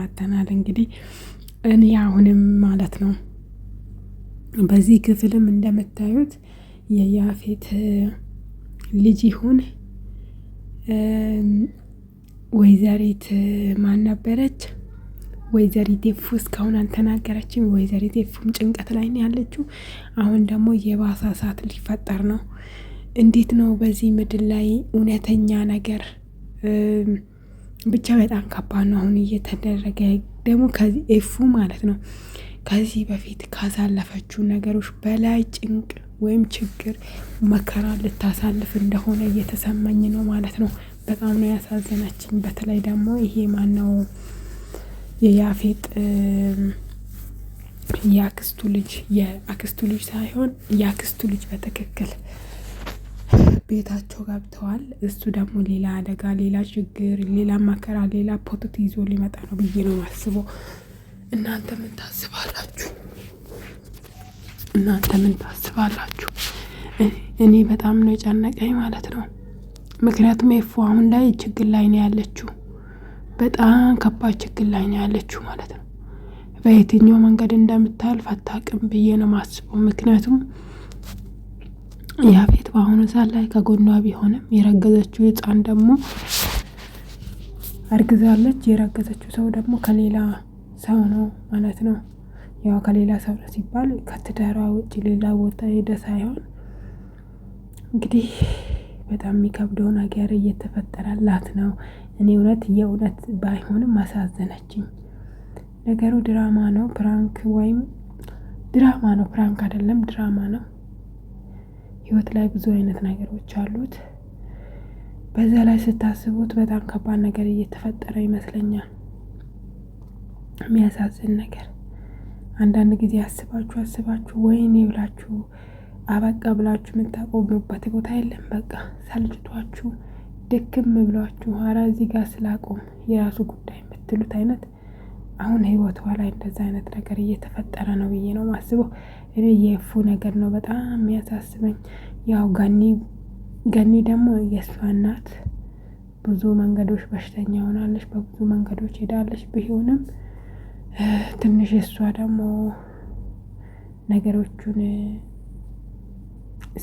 መተናል እንግዲህ እኔ አሁንም ማለት ነው በዚህ ክፍልም እንደምታዩት የያፌት ልጅ ይሁን ወይዘሪት ማን ነበረች? ወይዘሪት ፉ እስካሁን አልተናገረችም። ወይዘሪት ፉም ጭንቀት ላይ ነው ያለችው። አሁን ደግሞ የባሳ እሳት ሊፈጠር ነው። እንዴት ነው በዚህ ምድር ላይ እውነተኛ ነገር ብቻ በጣም ከባድ ነው አሁን እየተደረገ ደግሞ ከዚህ ኤፉ ማለት ነው ከዚህ በፊት ካሳለፈችው ነገሮች በላይ ጭንቅ ወይም ችግር መከራ ልታሳልፍ እንደሆነ እየተሰማኝ ነው ማለት ነው። በጣም ነው ያሳዘነችኝ። በተለይ ደግሞ ይሄ ማነው የያፌጥ የአክስቱ ልጅ የአክስቱ ልጅ ሳይሆን የአክስቱ ልጅ በትክክል ቤታቸው ገብተዋል። እሱ ደግሞ ሌላ አደጋ፣ ሌላ ችግር፣ ሌላ መከራ፣ ሌላ ፖቶት ይዞ ሊመጣ ነው ብዬ ነው ማስበው። እናንተ ምን ታስባላችሁ? እናንተ ምን ታስባላችሁ? እኔ በጣም ነው የጨነቀኝ ማለት ነው። ምክንያቱም ኤፉ አሁን ላይ ችግር ላይ ነው ያለችው፣ በጣም ከባድ ችግር ላይ ነው ያለችው ማለት ነው። በየትኛው መንገድ እንደምታልፍ አታውቅም ብዬ ነው ማስበው። ምክንያቱም ያፌት በአሁኑ ሰዓት ላይ ከጎኗ ቢሆንም የረገዘችው ህፃን ደግሞ አርግዛለች። የረገዘችው ሰው ደግሞ ከሌላ ሰው ነው ማለት ነው። ያው ከሌላ ሰው ነው ሲባል ከትዳሯ ውጭ ሌላ ቦታ ሄደ ሳይሆን እንግዲህ በጣም የሚከብደው ነገር እየተፈጠረላት ነው። እኔ እውነት የእውነት ባይሆንም አሳዘነችኝ። ነገሩ ድራማ ነው፣ ፕራንክ ወይም ድራማ ነው፣ ፕራንክ አይደለም፣ ድራማ ነው። ህይወት ላይ ብዙ አይነት ነገሮች አሉት። በዛ ላይ ስታስቡት በጣም ከባድ ነገር እየተፈጠረ ይመስለኛል። የሚያሳዝን ነገር አንዳንድ ጊዜ አስባችሁ አስባችሁ ወይኔ ብላችሁ አበቃ ብላችሁ የምታቆሙበት ቦታ የለም። በቃ ሰልችቷችሁ ድክም ብሏችሁ አራ እዚህ ጋር ስላቆም የራሱ ጉዳይ የምትሉት አይነት አሁን ህይወቷ ላይ እንደዛ አይነት ነገር እየተፈጠረ ነው ብዬ ነው ማስበው። እኔ የእፉ ነገር ነው በጣም የሚያሳስበኝ። ያው ገኒ ገኒ ደግሞ የእሷ እናት ብዙ መንገዶች በሽተኛ ሆናለች፣ በብዙ መንገዶች ሄዳለች። ቢሆንም ትንሽ እሷ ደግሞ ነገሮቹን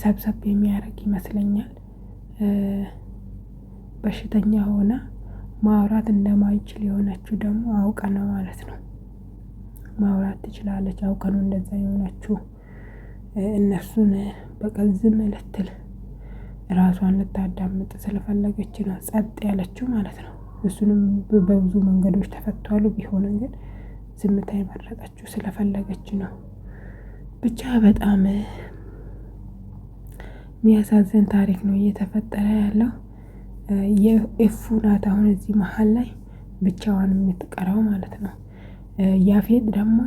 ሰብሰብ የሚያደርግ ይመስለኛል በሽተኛ ሆና ማውራት እንደማይችል የሆነችው ደግሞ አውቀ ነው ማለት ነው። ማውራት ትችላለች አውቀ ነው እንደዛ የሆነችው እነሱን በቃ ዝም ልትል ራሷን ልታዳምጥ ስለፈለገች ነው ጸጥ ያለችው ማለት ነው። እሱንም በብዙ መንገዶች ተፈቷሉ። ቢሆንም ግን ዝምታ የመረጠችው ስለፈለገች ነው። ብቻ በጣም የሚያሳዝን ታሪክ ነው እየተፈጠረ ያለው። የኤፉ ናት አሁን እዚህ መሀል ላይ ብቻዋን የምትቀራው ማለት ነው። ያፌት ደግሞ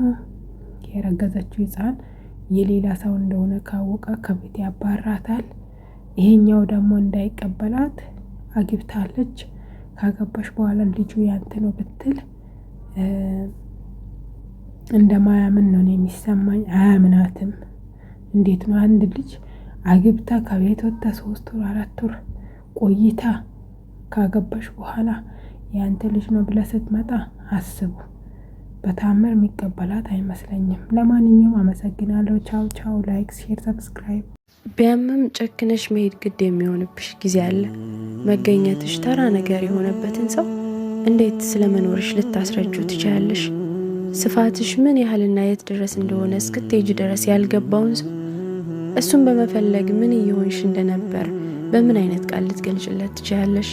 የረገዘችው ህፃን የሌላ ሰው እንደሆነ ካወቀ ከቤት ያባራታል። ይሄኛው ደግሞ እንዳይቀበላት አግብታለች። ካገባሽ በኋላ ልጁ ያንተ ነው ብትል እንደማያምን ነው የሚሰማኝ። አያምናትም። እንዴት ነው አንድ ልጅ አግብታ ከቤት ወጥታ ሶስት ወር አራት ወር ቆይታ ካገባሽ በኋላ የአንተ ልጅ ነው ብለህ ስትመጣ አስቡ። በታምር የሚቀበላት አይመስለኝም። ለማንኛውም አመሰግናለሁ። ቻው ቻው። ላይክ፣ ሼር፣ ሰብስክራይብ። ቢያምም ጨክነሽ መሄድ ግድ የሚሆንብሽ ጊዜ አለ። መገኘትሽ ተራ ነገር የሆነበትን ሰው እንዴት ስለመኖርሽ ልታስረጁ ትችላለሽ? ስፋትሽ ምን ያህልና የት ድረስ እንደሆነ እስክትሄጂ ድረስ ያልገባውን ሰው እሱን በመፈለግ ምን እየሆንሽ እንደነበር በምን አይነት ቃል ልትገልጭለት ትችላለሽ?